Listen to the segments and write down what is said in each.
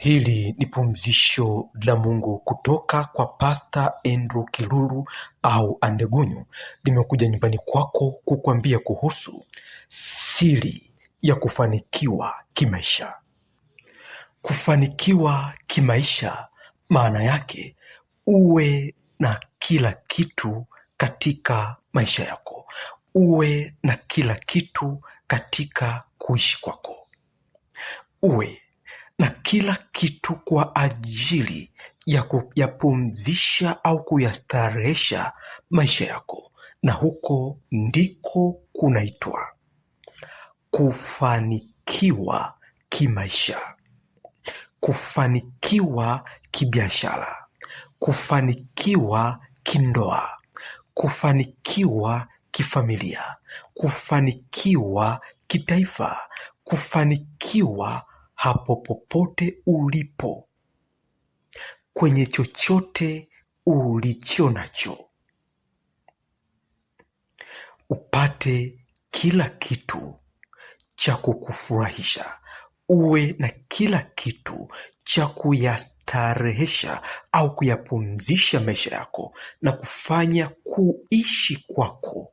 Hili ni pumzisho la Mungu kutoka kwa Pasta Andrew Kiruru au Andegunyu, limekuja nyumbani kwako kukuambia kuhusu siri ya kufanikiwa kimaisha. Kufanikiwa kimaisha maana yake uwe na kila kitu katika maisha yako, uwe na kila kitu katika kuishi kwako, uwe na kila kitu kwa ajili ya kuyapumzisha au kuyastarehesha maisha yako, na huko ndiko kunaitwa kufanikiwa kimaisha, kufanikiwa kibiashara, kufanikiwa kindoa, kufanikiwa kifamilia, kufanikiwa kitaifa, kufanikiwa hapo popote ulipo, kwenye chochote ulicho nacho, upate kila kitu cha kukufurahisha, uwe na kila kitu cha kuyastarehesha au kuyapumzisha maisha yako na kufanya kuishi kwako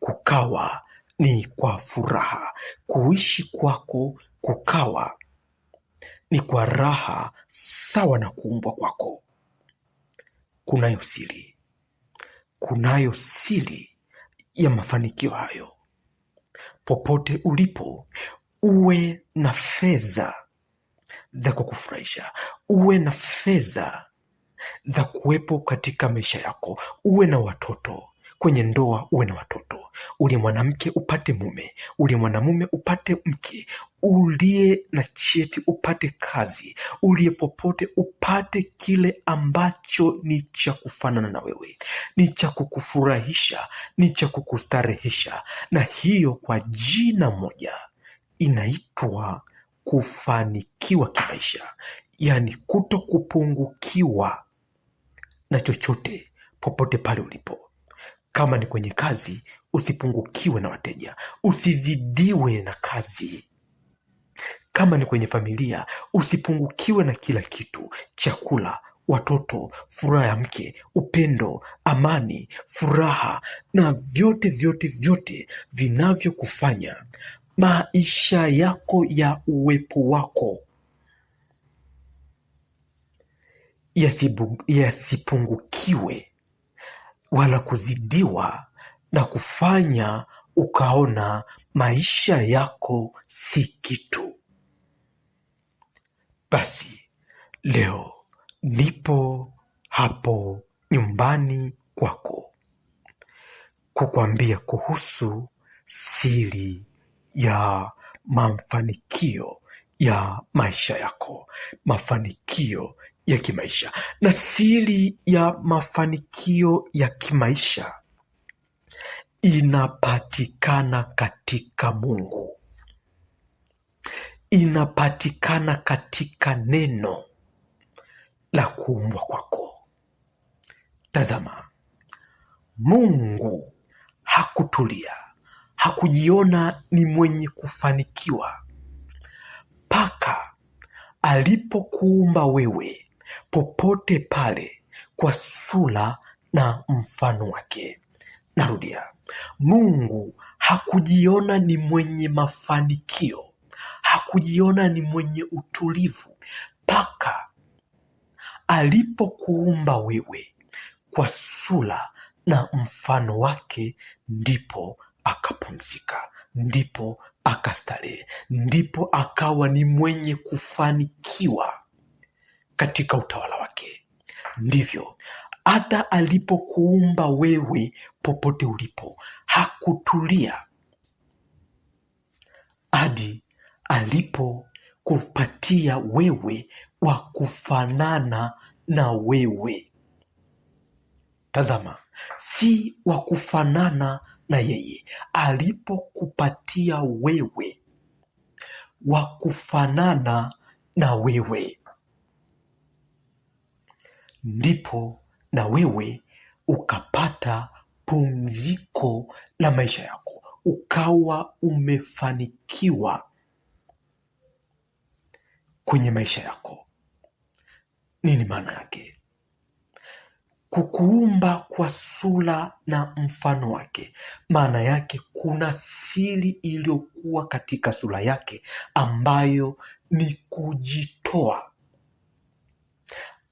kukawa ni kwa furaha, kuishi kwako kukawa ni kwa raha sawa na kuumbwa kwako. Kunayo siri, kunayo siri ya mafanikio hayo. Popote ulipo, uwe na fedha za kukufurahisha, uwe na fedha za kuwepo katika maisha yako, uwe na watoto kwenye ndoa uwe na watoto, uliye mwanamke upate mume, uliye mwanamume upate mke, uliye na cheti upate kazi, uliye popote upate kile ambacho ni cha kufanana na wewe, ni cha kukufurahisha, ni cha kukustarehesha, na hiyo kwa jina moja inaitwa kufanikiwa kimaisha, yaani kuto kupungukiwa na chochote popote pale ulipo. Kama ni kwenye kazi, usipungukiwe na wateja, usizidiwe na kazi. Kama ni kwenye familia, usipungukiwe na kila kitu: chakula, watoto, furaha ya mke, upendo, amani, furaha na vyote vyote vyote vinavyokufanya maisha yako ya uwepo wako yasipungukiwe wala kuzidiwa na kufanya ukaona maisha yako si kitu. Basi leo nipo hapo nyumbani kwako kukwambia kuhusu siri ya mafanikio ya maisha yako, mafanikio ya kimaisha. Na siri ya mafanikio ya kimaisha inapatikana katika Mungu, inapatikana katika neno la kuumbwa kwako. Tazama, Mungu hakutulia, hakujiona ni mwenye kufanikiwa alipokuumba wewe popote pale kwa sura na mfano wake. Narudia, Mungu hakujiona ni mwenye mafanikio, hakujiona ni mwenye utulivu mpaka alipokuumba wewe kwa sura na mfano wake, ndipo akapumzika, ndipo akastarehe, ndipo akawa ni mwenye kufanikiwa katika utawala wake. Ndivyo hata alipokuumba wewe, popote ulipo, hakutulia hadi alipokupatia wewe wa kufanana na wewe. Tazama, si wa kufanana na yeye alipokupatia wewe wa kufanana na wewe, ndipo na wewe ukapata pumziko la maisha yako, ukawa umefanikiwa kwenye maisha yako. Nini maana yake? kukuumba kwa sura na mfano wake. Maana yake kuna siri iliyokuwa katika sura yake ambayo ni kujitoa.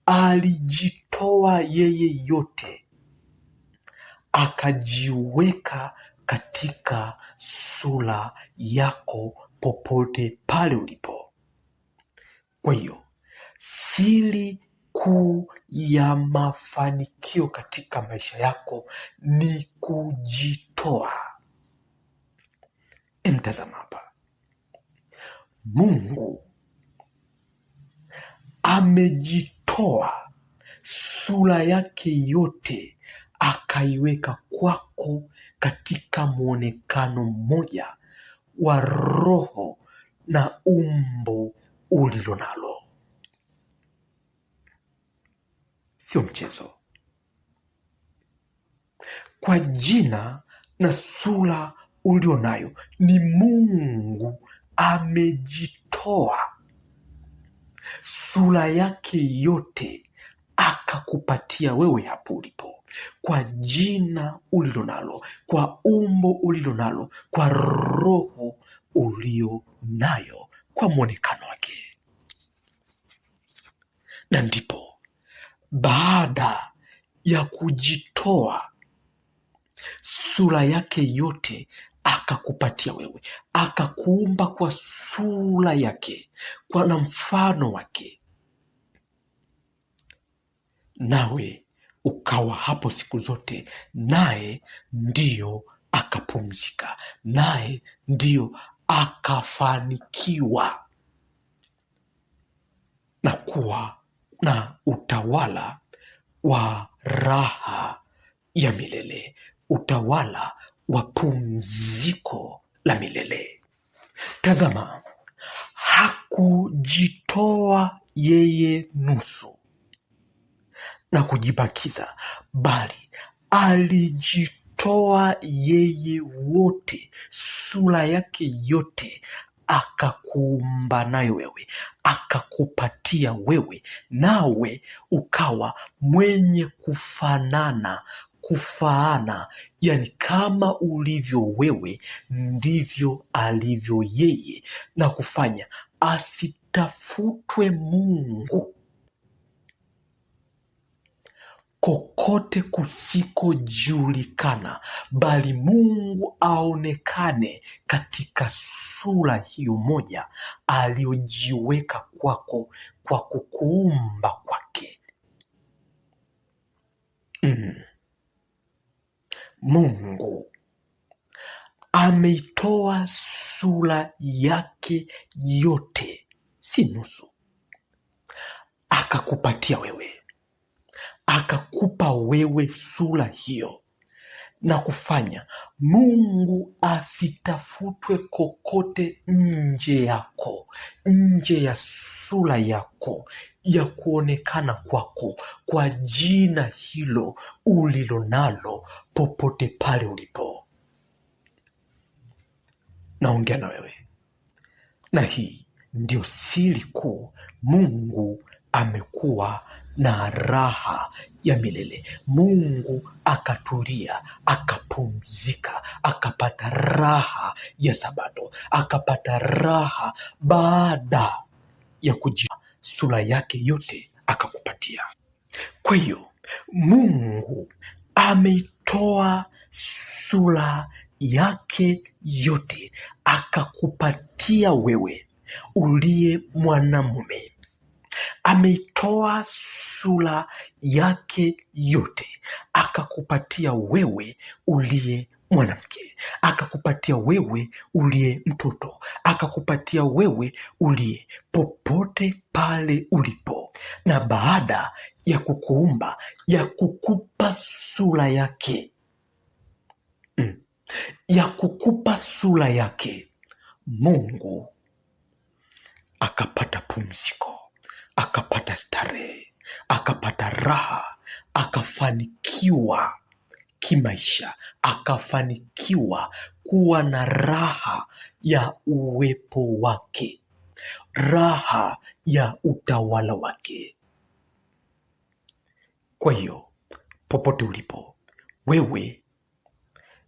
Alijitoa yeye yote akajiweka katika sura yako popote pale ulipo. Kwa hiyo siri kuu ya mafanikio katika maisha yako ni kujitoa. Emtazama hapa, Mungu amejitoa sura yake yote akaiweka kwako katika mwonekano mmoja wa roho na umbo ulilo nalo. sio mchezo. Kwa jina na sura ulio nayo ni Mungu amejitoa sura yake yote akakupatia wewe hapo ulipo, kwa jina ulilo nalo, kwa umbo ulilo nalo, kwa roho ulio nayo, kwa mwonekano wake, na ndipo baada ya kujitoa sura yake yote akakupatia wewe, akakuumba kwa sura yake, kwa na mfano wake, nawe ukawa hapo siku zote, naye ndiyo akapumzika, naye ndiyo akafanikiwa na kuwa na utawala wa raha ya milele, utawala wa pumziko la milele. Tazama, hakujitoa yeye nusu na kujibakiza, bali alijitoa yeye wote, sura yake yote akakuumba nayo wewe, akakupatia wewe, nawe ukawa mwenye kufanana kufaana, yani kama ulivyo wewe ndivyo alivyo yeye, na kufanya asitafutwe Mungu kokote kusikojulikana, bali Mungu aonekane katika sura hiyo moja aliyojiweka kwako kwa kukuumba kwake. Mm. Mungu ameitoa sura yake yote, si nusu, akakupatia wewe akakupa wewe sura hiyo na kufanya Mungu asitafutwe kokote nje yako, nje ya sura yako, ya kuonekana kwako, kwa jina hilo ulilonalo, popote pale ulipo. Naongea na wewe, na hii ndio siri kuu Mungu amekuwa na raha ya milele. Mungu akatulia, akapumzika, akapata raha ya Sabato, akapata raha baada ya kujia sura yake yote akakupatia. Kwa hiyo Mungu ameitoa sura yake yote akakupatia wewe uliye mwanamume ameitoa sura yake yote, akakupatia wewe uliye mwanamke, akakupatia wewe uliye mtoto, akakupatia wewe uliye popote pale ulipo, na baada ya kukuumba ya kukupa sura yake mm. ya kukupa sura yake Mungu akapata pumziko akapata starehe, akapata raha, akafanikiwa kimaisha, akafanikiwa kuwa na raha ya uwepo wake, raha ya utawala wake. Kwa hiyo popote ulipo wewe,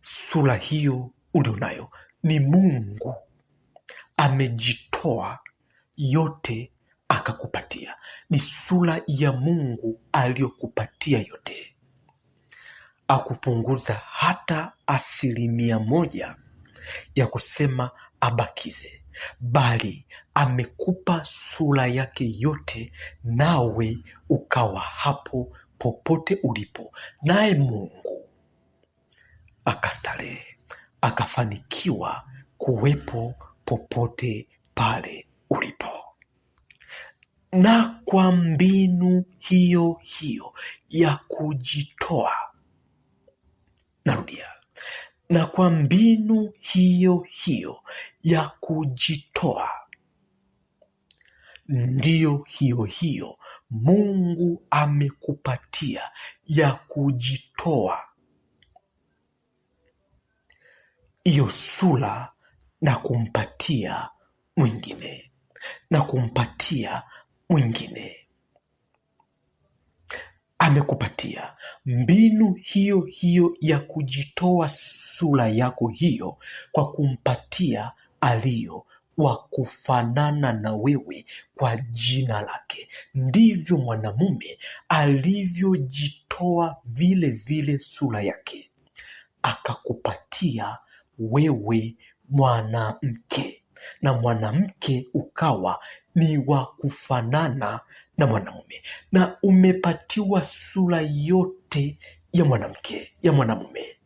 sura hiyo ulionayo ni Mungu amejitoa yote akakupatia, ni sura ya Mungu aliyokupatia yote, akupunguza hata asilimia moja ya kusema abakize, bali amekupa sura yake yote, nawe ukawa hapo popote ulipo, naye Mungu akastarehe, akafanikiwa kuwepo popote pale ulipo na kwa mbinu hiyo hiyo ya kujitoa, narudia, na kwa mbinu hiyo hiyo ya kujitoa, ndiyo hiyo hiyo Mungu amekupatia ya kujitoa hiyo sura na kumpatia mwingine na kumpatia wengine. Amekupatia mbinu hiyo hiyo ya kujitoa sura yako hiyo kwa kumpatia aliyo wa kufanana na wewe kwa jina lake. Ndivyo mwanamume alivyojitoa vile vile sura yake, akakupatia wewe mwanamke na mwanamke ukawa ni wa kufanana na mwanaume, na umepatiwa sura yote ya mwanamke ya mwanamume,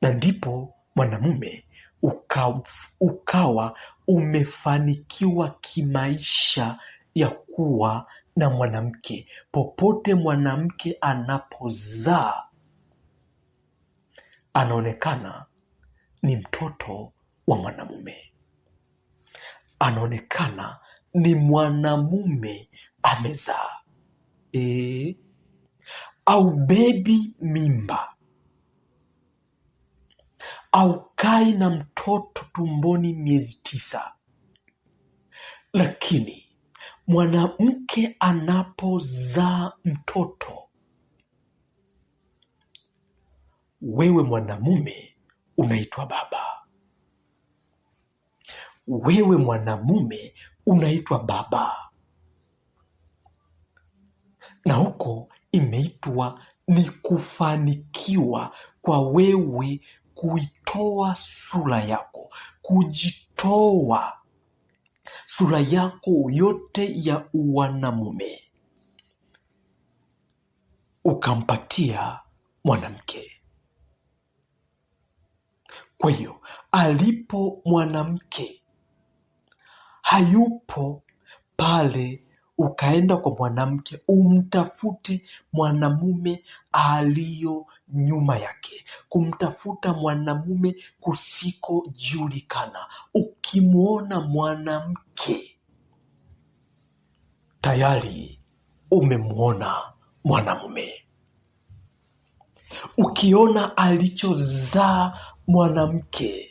na ndipo mwanamume ukawa, ukawa umefanikiwa kimaisha ya kuwa na mwanamke. Popote mwanamke anapozaa anaonekana ni mtoto wa mwanamume, anaonekana ni mwanamume amezaa e, au bebi mimba au kai na mtoto tumboni miezi tisa. Lakini mwanamke anapozaa mtoto, wewe mwanamume unaitwa baba. Wewe mwanamume unaitwa baba, na huko imeitwa ni kufanikiwa kwa wewe kuitoa sura yako, kujitoa sura yako yote ya uwanamume ukampatia mwanamke. Kwa hiyo alipo mwanamke hayupo pale ukaenda kwa mwanamke umtafute mwanamume aliyo nyuma yake, kumtafuta mwanamume kusikojulikana. Ukimwona mwanamke tayari umemwona mwanamume. Ukiona alichozaa mwanamke,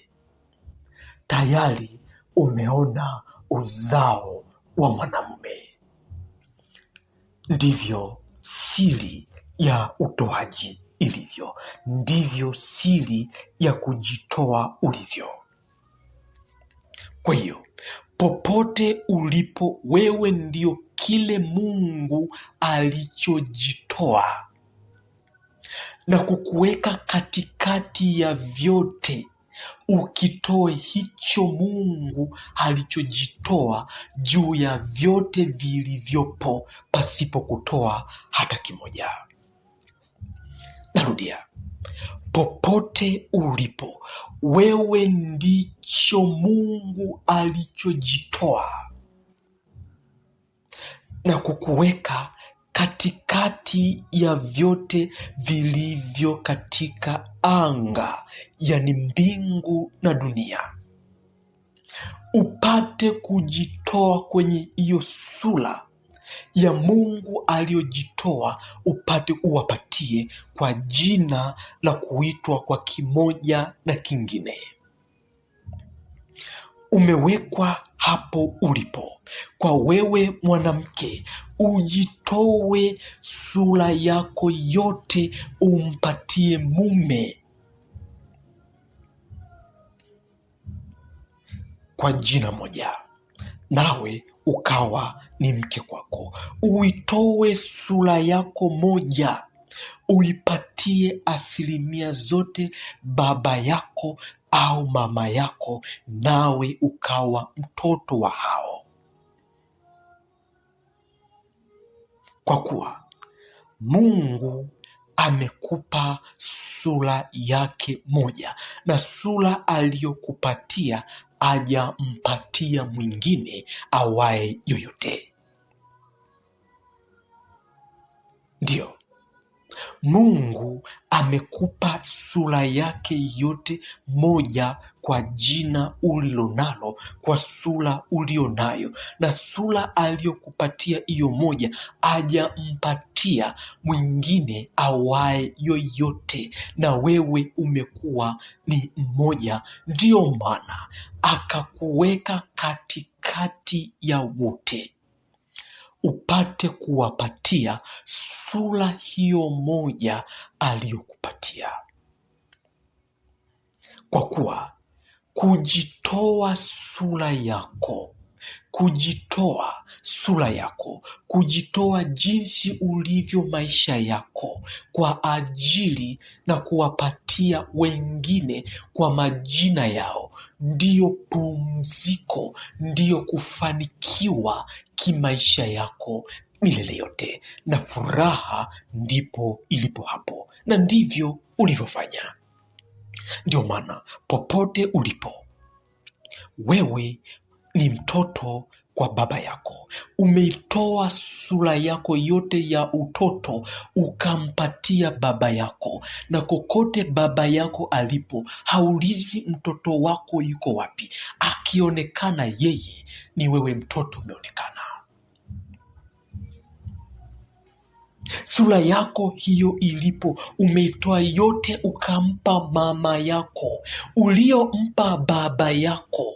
tayari umeona uzao wa mwanamume. Ndivyo siri ya utoaji ilivyo, ndivyo siri ya kujitoa ulivyo. Kwa hiyo popote ulipo wewe, ndio kile Mungu alichojitoa na kukuweka katikati ya vyote ukitoe hicho Mungu alichojitoa juu ya vyote vilivyopo pasipo kutoa hata kimoja. Narudia, popote ulipo wewe ndicho Mungu alichojitoa na kukuweka katikati ya vyote vilivyo katika anga, yani mbingu na dunia, upate kujitoa kwenye hiyo sura ya Mungu aliyojitoa, upate uwapatie kwa jina la kuitwa kwa kimoja na kingine umewekwa hapo ulipo. Kwa wewe mwanamke, ujitowe sura yako yote umpatie mume kwa jina moja, nawe ukawa ni mke kwako. Uitowe sura yako moja, uipatie asilimia zote baba yako au mama yako, nawe ukawa mtoto wa hao. Kwa kuwa Mungu amekupa sura yake moja, na sura aliyokupatia ajampatia mwingine awaye yoyote. Ndiyo Mungu amekupa sura yake yote moja kwa jina ulilonalo, kwa sura ulionayo, na sura aliyokupatia hiyo moja ajampatia mwingine awaye yoyote, na wewe umekuwa ni mmoja. Ndiyo maana akakuweka katikati ya wote upate kuwapatia sura hiyo moja aliyokupatia, kwa kuwa kujitoa sura yako, kujitoa sura yako, kujitoa jinsi ulivyo maisha yako kwa ajili na kuwapatia wengine kwa majina yao, ndiyo pumziko, ndiyo kufanikiwa kimaisha yako milele yote, na furaha ndipo ilipo hapo, na ndivyo ulivyofanya. Ndio maana popote ulipo wewe ni mtoto kwa baba yako, umeitoa sura yako yote ya utoto ukampatia baba yako, na kokote baba yako alipo, haulizi mtoto wako yuko wapi. Akionekana yeye, ni wewe mtoto umeonekana. Sura yako hiyo ilipo, umeitoa yote ukampa mama yako, uliompa baba yako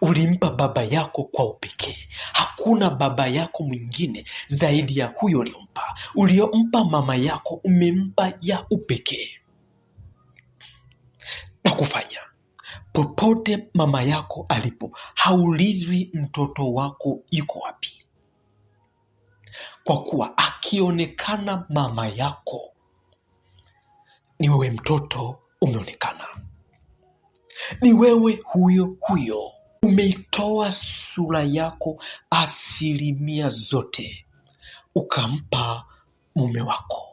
ulimpa baba yako kwa upekee. Hakuna baba yako mwingine zaidi ya huyo uliompa. Uliompa mama yako umempa ya upekee, na kufanya popote mama yako alipo, haulizwi mtoto wako yuko wapi, kwa kuwa akionekana mama yako ni wewe mtoto umeonekana, ni wewe huyo huyo umeitoa sura yako asilimia zote ukampa mume wako.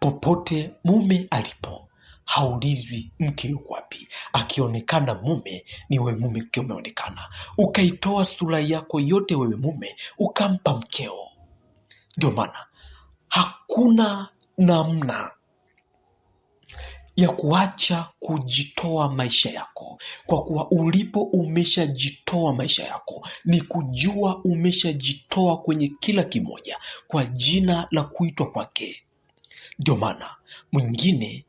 Popote mume alipo haulizwi mke yuko wapi. Akionekana mume ni wewe, mume mkeo umeonekana, ukaitoa sura yako yote wewe mume ukampa mkeo. Ndio maana hakuna namna ya kuacha kujitoa maisha yako, kwa kuwa ulipo umeshajitoa maisha yako, ni kujua umeshajitoa kwenye kila kimoja kwa jina la kuitwa kwake. Ndio maana mwingine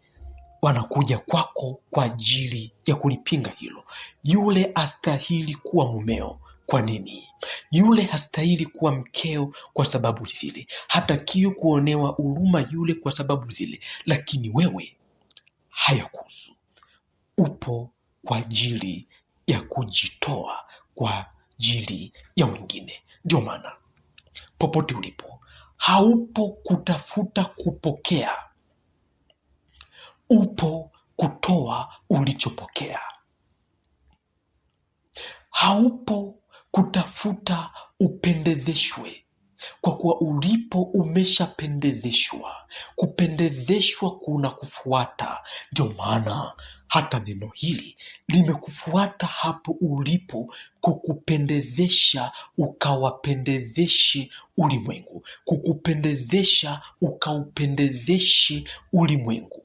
wanakuja kwako kwa ajili ya kulipinga hilo. Yule astahili kuwa mumeo kwa nini? Yule hastahili kuwa mkeo kwa sababu zile, hatakiwi kuonewa huruma yule kwa sababu zile. Lakini wewe hayakuhusu. Upo kwa ajili ya kujitoa kwa ajili ya wengine. Ndio maana popote ulipo, haupo kutafuta kupokea, upo kutoa ulichopokea. Haupo kutafuta upendezeshwe, kwa kuwa ulipo umeshapendezeshwa. Kupendezeshwa kuna kufuata. Ndio maana hata neno hili limekufuata hapo ulipo, kukupendezesha ukawapendezeshe ulimwengu, kukupendezesha ukaupendezeshe ulimwengu.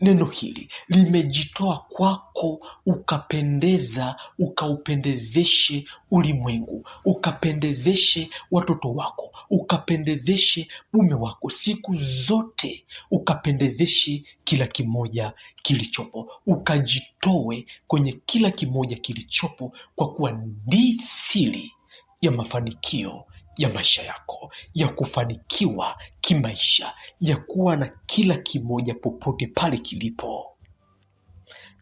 Neno hili limejitoa kwako, ukapendeza, ukaupendezeshe ulimwengu, ukapendezeshe watoto wako, ukapendezeshe mume wako, siku zote ukapendezeshe kila kimoja kilichopo, ukajitoe kwenye kila kimoja kilichopo, kwa kuwa ndi siri ya mafanikio ya maisha yako, ya kufanikiwa kimaisha, ya kuwa na kila kimoja popote pale kilipo.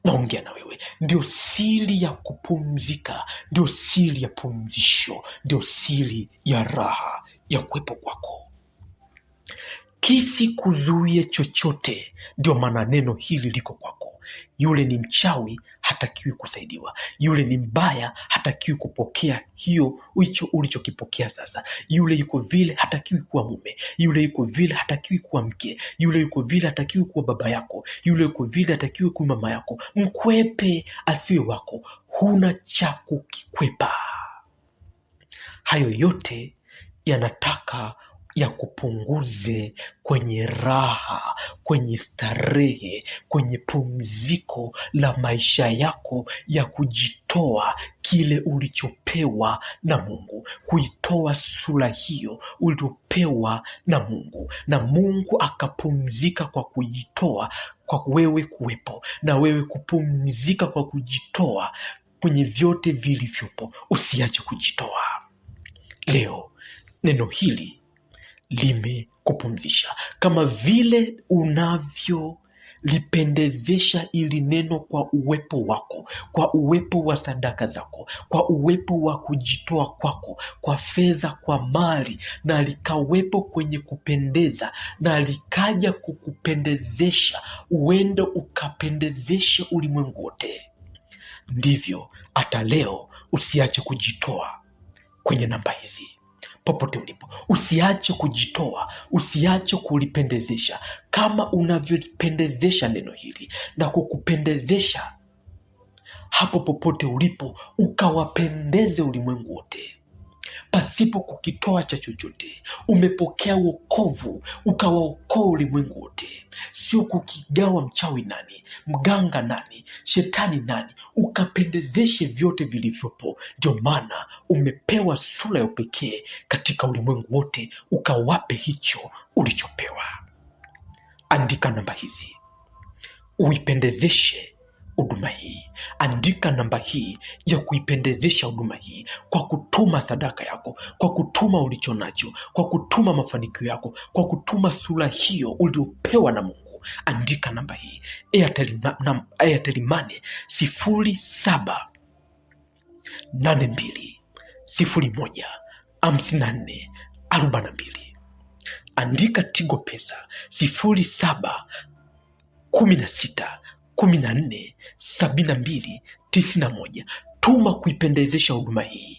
Naongea na wewe, ndio siri ya kupumzika, ndio siri ya pumzisho, ndio siri ya raha ya kuwepo kwako. Kisikuzuie chochote, ndio maana neno hili liko kwako. Yule ni mchawi, hatakiwi kusaidiwa. Yule ni mbaya, hatakiwi kupokea hiyo hicho ulichokipokea sasa. Yule yuko vile, hatakiwi kuwa mume. Yule yuko vile, hatakiwi kuwa mke. Yule yuko vile, hatakiwi kuwa baba yako. Yule yuko vile, hatakiwi kuwa mama yako. Mkwepe asiwe wako, huna cha kukikwepa. Hayo yote yanataka yakupunguze kwenye raha, kwenye starehe, kwenye pumziko la maisha yako ya kujitoa kile ulichopewa na Mungu, kuitoa sura hiyo uliopewa na Mungu, na Mungu akapumzika kwa kujitoa kwa wewe kuwepo na wewe kupumzika kwa kujitoa kwenye vyote vilivyopo. Usiache kujitoa leo. Neno hili limekupumzisha, kama vile unavyo lipendezesha ili neno kwa uwepo wako, kwa uwepo wa sadaka zako, kwa uwepo wa kujitoa kwako, kwa fedha, kwa mali, na likawepo kwenye kupendeza, na likaja kukupendezesha, uende ukapendezeshe ulimwengu wote. Ndivyo hata leo usiache kujitoa kwenye namba hizi popote ulipo, usiache kujitoa, usiache kulipendezesha kama unavyopendezesha neno hili na kukupendezesha hapo popote ulipo, ukawapendeze ulimwengu wote pasipo kukitoa cha chochote. Umepokea wokovu ukawaokoa ulimwengu wote, sio kukigawa. Mchawi nani? Mganga nani? Shetani nani? Ukapendezeshe vyote vilivyopo. Ndio maana umepewa sura ya upekee katika ulimwengu wote, ukawape hicho ulichopewa. Andika namba hizi uipendezeshe huduma hii, andika namba hii ya kuipendezesha huduma hii kwa kutuma sadaka yako, kwa kutuma ulicho nacho, kwa kutuma mafanikio yako, kwa kutuma sura hiyo uliopewa na Mungu. Andika namba hii Airtel Money sifuri saba nane mbili sifuri moja hamsini na nne arobaini na mbili. Andika Tigo Pesa sifuri saba kumi na sita kumi na nne sabini na mbili tisini na moja. Tuma kuipendezesha huduma hii,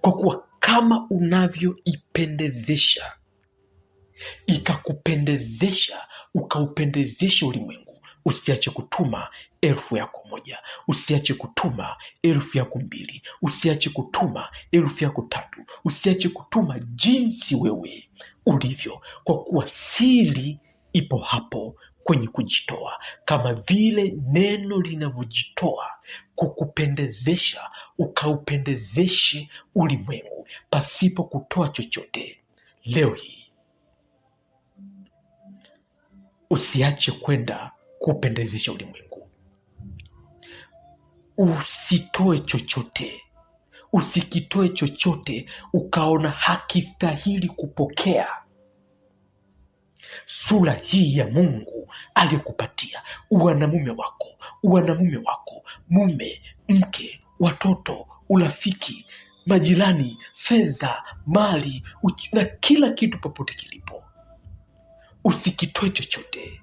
kwa kuwa kama unavyoipendezesha ikakupendezesha ukaupendezesha ulimwengu. Usiache kutuma elfu yako moja, usiache kutuma elfu yako mbili, usiache kutuma elfu yako tatu, usiache kutuma jinsi wewe ulivyo, kwa kuwa siri ipo hapo kwenye kujitoa, kama vile neno linavyojitoa kukupendezesha, ukaupendezeshe ulimwengu pasipo kutoa chochote. Leo hii usiache kwenda kupendezesha ulimwengu, usitoe chochote usikitoe chochote ukaona hakistahili kupokea sura hii ya Mungu aliyokupatia, uwanamume wako, uwanamume wako, mume, mke, watoto, urafiki, majirani, fedha, mali na kila kitu popote kilipo, usikitoe chochote.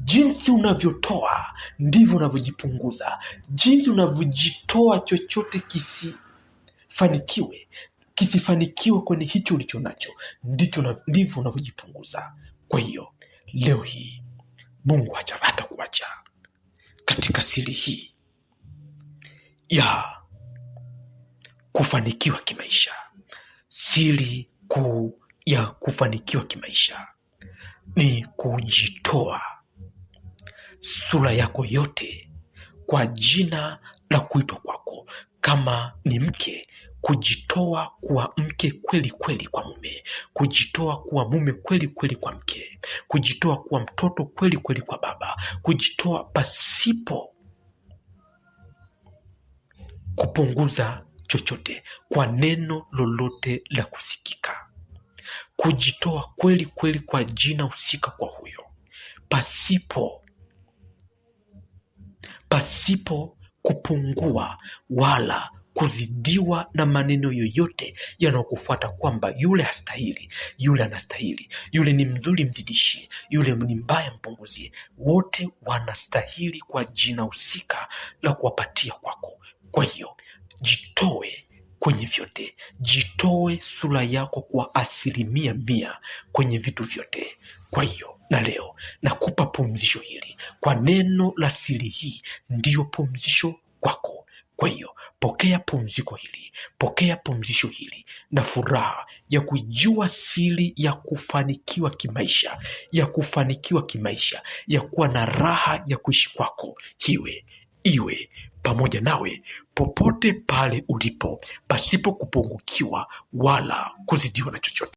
Jinsi unavyotoa ndivyo unavyojipunguza. Jinsi unavyojitoa chochote kisifanikiwe, kisifanikiwe kwenye hicho ulicho nacho, ndicho ndivyo unavyojipunguza. Kwa hiyo leo hii Mungu hata kuacha katika siri hii ya kufanikiwa kimaisha, siri kuu ya kufanikiwa kimaisha ni kujitoa sura yako yote kwa jina la kuitwa kwako. Kama ni mke kujitoa kuwa mke kweli kweli kwa mume, kujitoa kuwa mume kweli kweli kwa mke, kujitoa kuwa mtoto kweli kweli kwa baba, kujitoa pasipo kupunguza chochote kwa neno lolote la kusikika, kujitoa kweli kweli kwa jina husika kwa huyo, pasipo pasipo kupungua wala kuzidiwa na maneno yoyote yanayokufuata kwamba yule hastahili, yule anastahili, yule ni mzuri mzidishie, yule ni mbaya mpunguzie. Wote wanastahili kwa jina husika la kuwapatia kwako. Kwa hiyo jitoe kwenye vyote, jitoe sura yako kwa asilimia mia kwenye vitu vyote. Kwa hiyo na leo nakupa pumzisho hili kwa neno la siri, hii ndiyo pumzisho kwako. Kwa hiyo Pokea pumziko hili, pokea pumzisho hili na furaha ya kujua siri ya kufanikiwa kimaisha, ya kufanikiwa kimaisha, ya kuwa na raha ya kuishi kwako hiwe iwe pamoja nawe popote pale ulipo, pasipo kupungukiwa wala kuzidiwa na chochote.